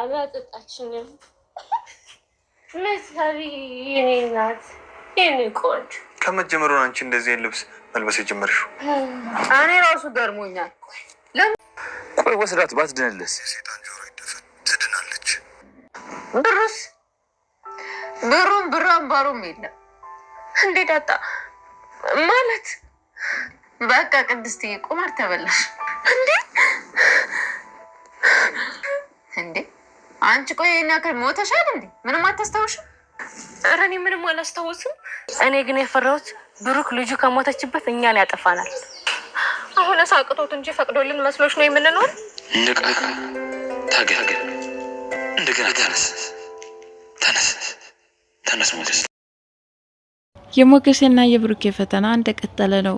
አላጠጣችኝም። መሳሪ የኔ ናት የኔ ቆንጆ። ከመጀመሩ አንቺ እንደዚህ ልብስ መልበስ የጀመርሽው? እኔ ራሱ ገርሞኛል። ቆይ ወስዳት ባትድንልስ? ትድናለች። ብሩስ ብሩም ብር አምባሩም የለም እንዴ ዳጣ ማለት በቃ ቅድስትዬ ቁማር ተበላሽ እንዴት እንዴ አንቺ ቆይ ይህን ያክል ሞተሻል እንዴ? ምንም አታስታውሽም? ኧረ እኔ ምንም አላስታወስም። እኔ ግን የፈራሁት ብሩክ ልጁ ከሞተችበት እኛን ያጠፋናል። አሁን ሳቅቶት እንጂ ፈቅዶልን መስሎች ነው የምንኖር። ንቃቅ፣ ታገል፣ እንደገና ተነስ፣ ተነስ፣ ተነስ ሞገስ። የሞገሴና የብሩኬ ፈተና እንደቀጠለ ነው።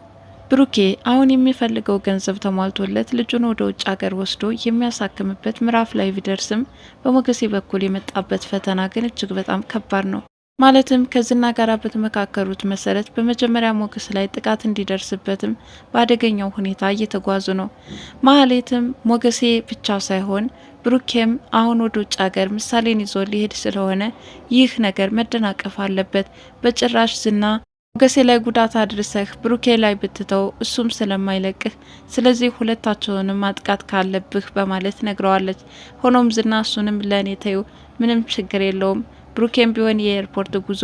ብሩኬ አሁን የሚፈልገው ገንዘብ ተሟልቶለት ልጁን ወደ ውጭ ሀገር ወስዶ የሚያሳክምበት ምዕራፍ ላይ ቢደርስም በሞገሴ በኩል የመጣበት ፈተና ግን እጅግ በጣም ከባድ ነው። ማለትም ከዝና ጋር በተመካከሩት መሰረት በመጀመሪያ ሞገስ ላይ ጥቃት እንዲደርስበትም በአደገኛው ሁኔታ እየተጓዙ ነው። ማህሌትም ሞገሴ ብቻ ሳይሆን ብሩኬም አሁን ወደ ውጭ ሀገር ምሳሌን ይዞ ሊሄድ ስለሆነ ይህ ነገር መደናቀፍ አለበት፣ በጭራሽ ዝና ሞገሴ ላይ ጉዳት አድርሰህ ብሩኬ ላይ ብትተው እሱም ስለማይለቅህ ስለዚህ ሁለታቸውንም ማጥቃት ካለብህ በማለት ነግረዋለች። ሆኖም ዝና እሱንም ለእኔ ተዩ፣ ምንም ችግር የለውም ብሩኬም ቢሆን የኤርፖርት ጉዞ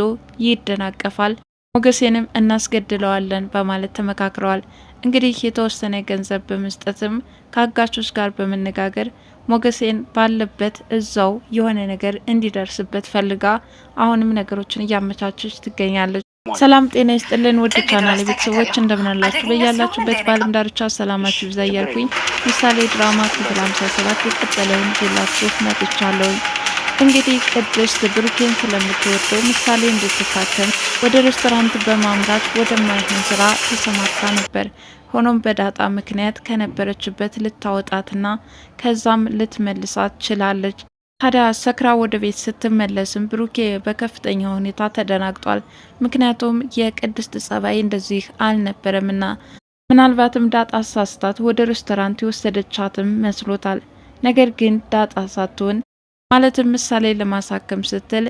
ይደናቀፋል፣ ሞገሴንም እናስገድለዋለን በማለት ተመካክረዋል። እንግዲህ የተወሰነ ገንዘብ በመስጠትም ከአጋቾች ጋር በመነጋገር ሞገሴን ባለበት እዛው የሆነ ነገር እንዲደርስበት ፈልጋ አሁንም ነገሮችን እያመቻቸች ትገኛለች። ሰላም ጤና ይስጥልን ውድ ቻናል ቤተሰቦች እንደምናላችሁ በያላችሁበት በዓለም ዳርቻ ሰላማችሁ ይብዛ እያልኩኝ ምሳሌ ድራማ ክፍል ሰባት የቀጠለውን ይዤላችሁ መጥቻለሁ። እንግዲህ ቅድስት ብሩኬን ስለምትወደው ምሳሌ እንድትታከም ወደ ሬስቶራንት በማምራት ወደማይሆን ስራ ተሰማርታ ነበር። ሆኖም በዳጣ ምክንያት ከነበረችበት ልታወጣትና ከዛም ልትመልሳት ችላለች። ታዲያ ሰክራ ወደ ቤት ስትመለስም ብሩኬ በከፍተኛ ሁኔታ ተደናግጧል። ምክንያቱም የቅድስት ጸባይ እንደዚህ አልነበረምና ምናልባትም ዳጣ ሳስታት ወደ ሬስቶራንት የወሰደቻትም መስሎታል። ነገር ግን ዳጣ ሳትሆን ማለትም ምሳሌ ለማሳከም ስትል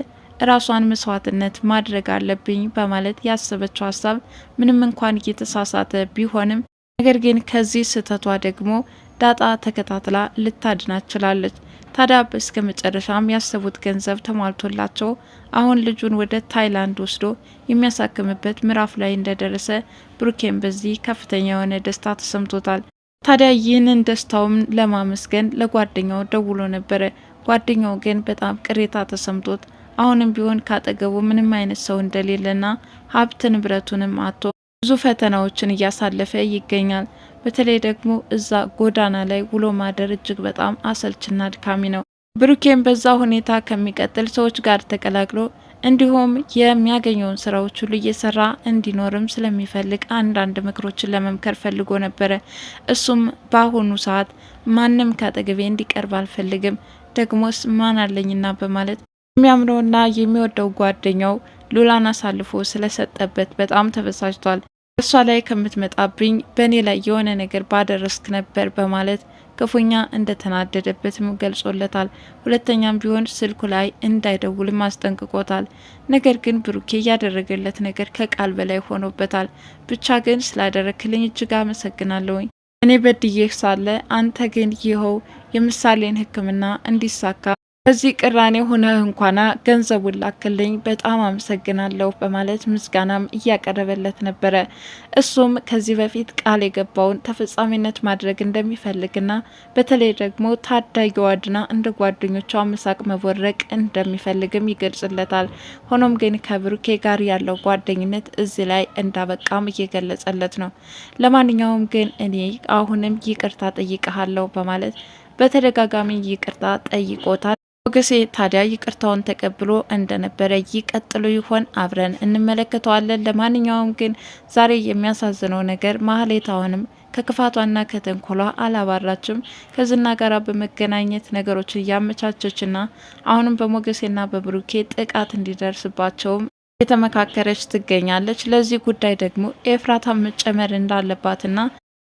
እራሷን መስዋዕትነት ማድረግ አለብኝ በማለት ያሰበችው ሀሳብ ምንም እንኳን እየተሳሳተ ቢሆንም ነገር ግን ከዚህ ስህተቷ ደግሞ ዳጣ ተከታትላ ልታድና ችላለች። ታዲያ እስከ መጨረሻም ያሰቡት ገንዘብ ተሟልቶላቸው አሁን ልጁን ወደ ታይላንድ ወስዶ የሚያሳክምበት ምዕራፍ ላይ እንደደረሰ ብሩኬን በዚህ ከፍተኛ የሆነ ደስታ ተሰምቶታል። ታዲያ ይህንን ደስታውም ለማመስገን ለጓደኛው ደውሎ ነበረ። ጓደኛው ግን በጣም ቅሬታ ተሰምቶት አሁንም ቢሆን ካጠገቡ ምንም አይነት ሰው እንደሌለና ሀብት ንብረቱንም አጥቶ ብዙ ፈተናዎችን እያሳለፈ ይገኛል። በተለይ ደግሞ እዛ ጎዳና ላይ ውሎ ማደር እጅግ በጣም አሰልችና አድካሚ ነው። ብሩኬን በዛ ሁኔታ ከሚቀጥል ሰዎች ጋር ተቀላቅሎ እንዲሁም የሚያገኘውን ስራዎች ሁሉ እየሰራ እንዲኖርም ስለሚፈልግ አንዳንድ ምክሮችን ለመምከር ፈልጎ ነበረ። እሱም በአሁኑ ሰዓት ማንም ከአጠገቤ እንዲቀርብ አልፈልግም፣ ደግሞስ ማን አለኝና በማለት የሚያምነውና የሚወደው ጓደኛው ሉላን አሳልፎ ስለሰጠበት በጣም ተበሳጭቷል። እሷ ላይ ከምትመጣብኝ በእኔ ላይ የሆነ ነገር ባደረስክ ነበር በማለት ክፉኛ እንደተናደደበትም ገልጾለታል። ሁለተኛም ቢሆን ስልኩ ላይ እንዳይደውልም አስጠንቅቆታል። ነገር ግን ብሩኬ ያደረገለት ነገር ከቃል በላይ ሆኖበታል። ብቻ ግን ስላደረክልኝ እጅግ አመሰግናለሁኝ። እኔ በድዬህ ሳለ አንተ ግን ይኸው የምሳሌን ሕክምና እንዲሳካ እዚህ ቅራኔ ሆነህ እንኳና ገንዘቡን ላክልኝ በጣም አመሰግናለሁ በማለት ምስጋናም እያቀረበለት ነበረ። እሱም ከዚህ በፊት ቃል የገባውን ተፈጻሚነት ማድረግ እንደሚፈልግና በተለይ ደግሞ ታዳጊዋ ድና እንደ ጓደኞቿ ምሳቅ መቦረቅ እንደሚፈልግም ይገልጽለታል። ሆኖም ግን ከብሩኬ ጋር ያለው ጓደኝነት እዚህ ላይ እንዳበቃም እየገለጸለት ነው። ለማንኛውም ግን እኔ አሁንም ይቅርታ ጠይቀሃለሁ በማለት በተደጋጋሚ ይቅርታ ጠይቆታል። ሞገሴ ታዲያ ይቅርታውን ተቀብሎ እንደነበረ ይቀጥሉ ይሆን? አብረን እንመለከተዋለን። ለማንኛውም ግን ዛሬ የሚያሳዝነው ነገር ማህሌት አሁንም ከክፋቷና ከተንኮሏ አላባራችም። ከዝና ጋር በመገናኘት ነገሮችን እያመቻቸችና አሁንም በሞገሴና በብሩኬ ጥቃት እንዲደርስባቸውም የተመካከረች ትገኛለች። ለዚህ ጉዳይ ደግሞ ኤፍራታ መጨመር እንዳለባትና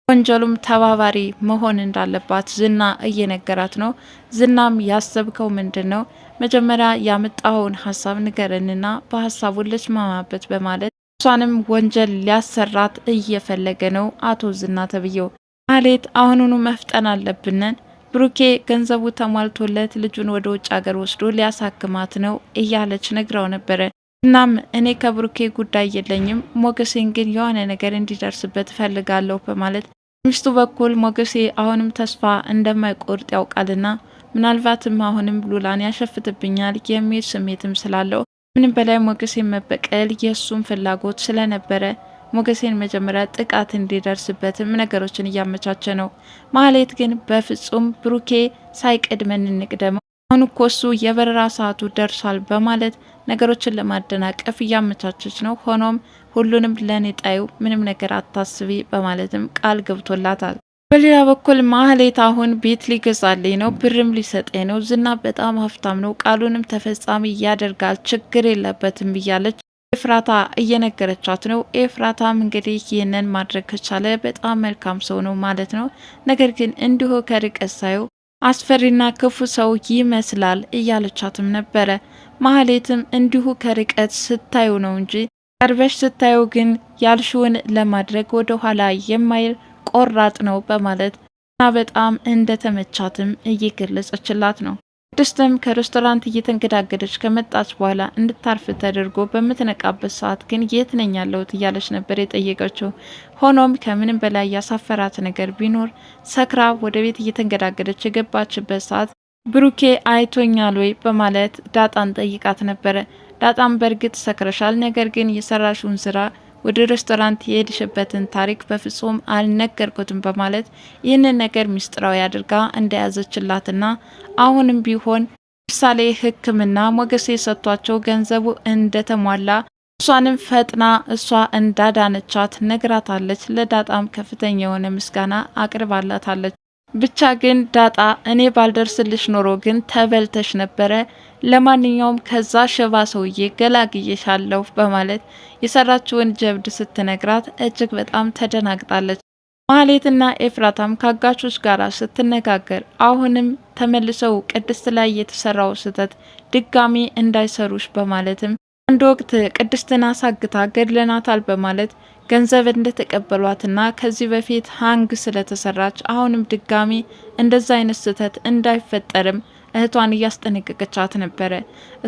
ወንጀሉም ተባባሪ መሆን እንዳለባት ዝና እየነገራት ነው። ዝናም ያሰብከው ምንድን ነው? መጀመሪያ ያመጣኸውን ሀሳብ ንገረንና በሀሳቡ ልስማማበት በማለት እሷንም ወንጀል ሊያሰራት እየፈለገ ነው አቶ ዝና ተብዬው። ማሌት አሁኑኑ መፍጠን አለብንን ብሩኬ ገንዘቡ ተሟልቶለት ልጁን ወደ ውጭ ሀገር ወስዶ ሊያሳክማት ነው እያለች ነግራው ነበረ። እናም እኔ ከብሩኬ ጉዳይ የለኝም፣ ሞገሴን ግን የሆነ ነገር እንዲደርስበት እፈልጋለሁ በማለት በሚስቱ በኩል ሞገሴ አሁንም ተስፋ እንደማይቆርጥ ያውቃልና ምናልባትም አሁንም ሉላን ያሸፍትብኛል የሚል ስሜትም ስላለው ምንም በላይ ሞገሴን መበቀል የእሱም ፍላጎት ስለነበረ ሞገሴን መጀመሪያ ጥቃት እንዲደርስበትም ነገሮችን እያመቻቸ ነው። ማህሌት ግን በፍጹም ብሩኬ ሳይቀድመን እንቅደመው አሁን እኮ እሱ የበረራ ሰዓቱ ደርሷል በማለት ነገሮችን ለማደናቀፍ እያመቻቸች ነው። ሆኖም ሁሉንም ለእኔ ጣዩ፣ ምንም ነገር አታስቢ በማለትም ቃል ገብቶላታል። በሌላ በኩል ማህሌት አሁን ቤት ሊገዛልኝ ነው፣ ብርም ሊሰጠኝ ነው፣ ዝና በጣም ሀብታም ነው፣ ቃሉንም ተፈጻሚ ያደርጋል፣ ችግር የለበትም እያለች ኤፍራታ እየነገረቻት ነው። ኤፍራታም እንግዲህ ይህንን ማድረግ ከቻለ በጣም መልካም ሰው ነው ማለት ነው። ነገር ግን እንዲሁ ከርቀት ሳየው አስፈሪና ክፉ ሰው ይመስላል እያለቻትም ነበረ። ማህሌትም እንዲሁ ከርቀት ስታዩ ነው እንጂ ቀርበሽ ስታዩ ግን ያልሽውን ለማድረግ ወደ ኋላ የማይል ቆራጥ ነው በማለት እና በጣም እንደተመቻትም እየገለጸችላት ነው። ቅድስትም ከሬስቶራንት እየተንገዳገደች ከመጣች በኋላ እንድታርፍ ተደርጎ በምትነቃበት ሰዓት ግን የት ነኝ ያለሁት እያለች ነበር የጠየቀችው። ሆኖም ከምንም በላይ ያሳፈራት ነገር ቢኖር ሰክራ ወደ ቤት እየተንገዳገደች የገባችበት ሰዓት ብሩኬ አይቶኛል ወይ በማለት ዳጣን ጠይቃት ነበረ። ዳጣም በእርግጥ ሰክረሻል፣ ነገር ግን የሰራሽውን ስራ ወደ ሬስቶራንት የሄድሽበትን ታሪክ በፍጹም አልነገርኩትም በማለት ይህንን ነገር ሚስጥራዊ አድርጋ እንደያዘችላትና አሁንም ቢሆን ምሳሌ ሕክምና ሞገስ የሰጥቷቸው ገንዘቡ እንደተሟላ እሷንም ፈጥና እሷ እንዳዳነቻት ነግራታለች። ለዳጣም ከፍተኛ የሆነ ምስጋና አቅርባላታለች። ብቻ ግን ዳጣ እኔ ባልደርስልሽ ኖሮ ግን ተበልተሽ ነበረ። ለማንኛውም ከዛ ሽባ ሰውዬ ገላግዬሻለሁ በማለት የሰራችውን ጀብድ ስትነግራት እጅግ በጣም ተደናግጣለች። ማህሌትና ኤፍራታም ካጋቾች ጋር ስትነጋገር አሁንም ተመልሰው ቅድስት ላይ የተሰራው ስህተት ድጋሚ እንዳይሰሩሽ በማለትም አንድ ወቅት ቅድስትን አሳግታ ገድለናታል በማለት ገንዘብ እንደተቀበሏትና ከዚህ በፊት ሀንግ ስለተሰራች አሁንም ድጋሚ እንደዛ አይነት ስህተት እንዳይፈጠርም እህቷን እያስጠነቀቀቻት ነበረ።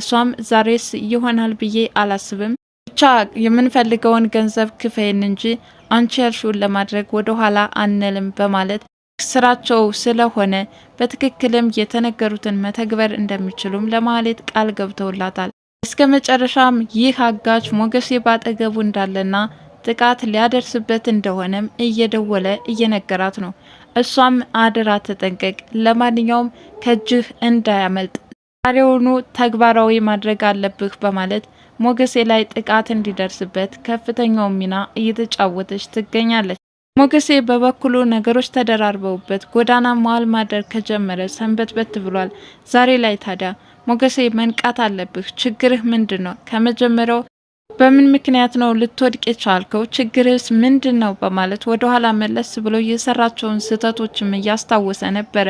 እሷም ዛሬስ ይሆናል ብዬ አላስብም፣ ብቻ የምንፈልገውን ገንዘብ ክፈይን እንጂ አንቺ ያልሽውን ለማድረግ ወደ ኋላ አንልም በማለት ስራቸው ስለሆነ በትክክልም የተነገሩትን መተግበር እንደሚችሉም ለማህሌት ቃል ገብተውላታል። እስከ መጨረሻም ይህ አጋች ሞገሴ ባጠገቡ እንዳለና ጥቃት ሊያደርስበት እንደሆነም እየደወለ እየነገራት ነው። እሷም አደራ ተጠንቀቅ፣ ለማንኛውም ከእጅህ እንዳያመልጥ ዛሬውኑ ተግባራዊ ማድረግ አለብህ በማለት ሞገሴ ላይ ጥቃት እንዲደርስበት ከፍተኛው ሚና እየተጫወተች ትገኛለች። ሞገሴ በበኩሉ ነገሮች ተደራርበውበት ጎዳና መዋል ማደር ከጀመረ ሰንበት በት ብሏል። ዛሬ ላይ ታዲያ ሞገሴ መንቃት አለብህ። ችግርህ ምንድን ነው? ከመጀመሪያው በምን ምክንያት ነው ልትወድቅ የቻልከው? ችግርህስ ምንድን ነው? በማለት ወደኋላ መለስ ብሎ የሰራቸውን ስህተቶችም እያስታወሰ ነበረ።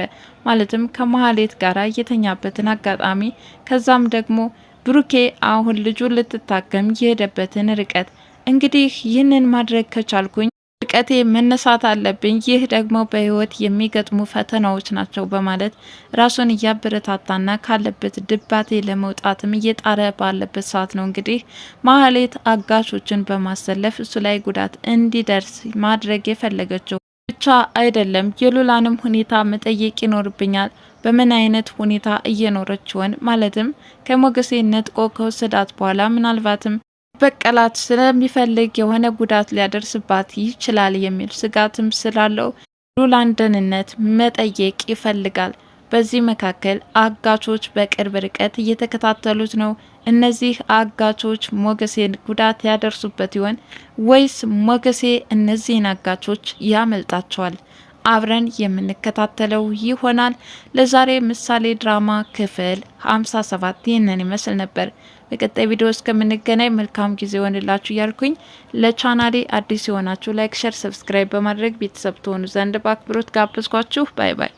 ማለትም ከመሀሌት ጋር የተኛበትን አጋጣሚ፣ ከዛም ደግሞ ብሩኬ አሁን ልጁ ልትታከም የሄደበትን ርቀት። እንግዲህ ይህንን ማድረግ ከቻልኩኝ ከርቀቴ መነሳት አለብኝ፣ ይህ ደግሞ በህይወት የሚገጥሙ ፈተናዎች ናቸው በማለት ራሱን እያበረታታና ካለበት ድባቴ ለመውጣትም እየጣረ ባለበት ሰዓት ነው እንግዲህ ማህሌት አጋሾችን በማሰለፍ እሱ ላይ ጉዳት እንዲደርስ ማድረግ የፈለገችው። ብቻ አይደለም የሉላንም ሁኔታ መጠየቅ ይኖርብኛል። በምን አይነት ሁኔታ እየኖረች ይሆን? ማለትም ከሞገሴ ነጥቆ ከወሰዳት በኋላ ምናልባትም በቀላት ስለሚፈልግ የሆነ ጉዳት ሊያደርስባት ይችላል የሚል ስጋትም ስላለው ሉላን ደህንነት መጠየቅ ይፈልጋል። በዚህ መካከል አጋቾች በቅርብ ርቀት እየተከታተሉት ነው። እነዚህ አጋቾች ሞገሴን ጉዳት ያደርሱበት ይሆን ወይስ ሞገሴ እነዚህን አጋቾች ያመልጣቸዋል? አብረን የምንከታተለው ይሆናል። ለዛሬ ምሳሌ ድራማ ክፍል 57 ይህንን ይመስል ነበር። በቀጣይ ቪዲዮ እስከምንገናኝ መልካም ጊዜ ሆንላችሁ እያልኩኝ ለቻናሌ አዲስ የሆናችሁ ላይክ፣ ሸር፣ ሰብስክራይብ በማድረግ ቤተሰብ ትሆኑ ዘንድ በአክብሮት ጋብዝኳችሁ። ባይ ባይ።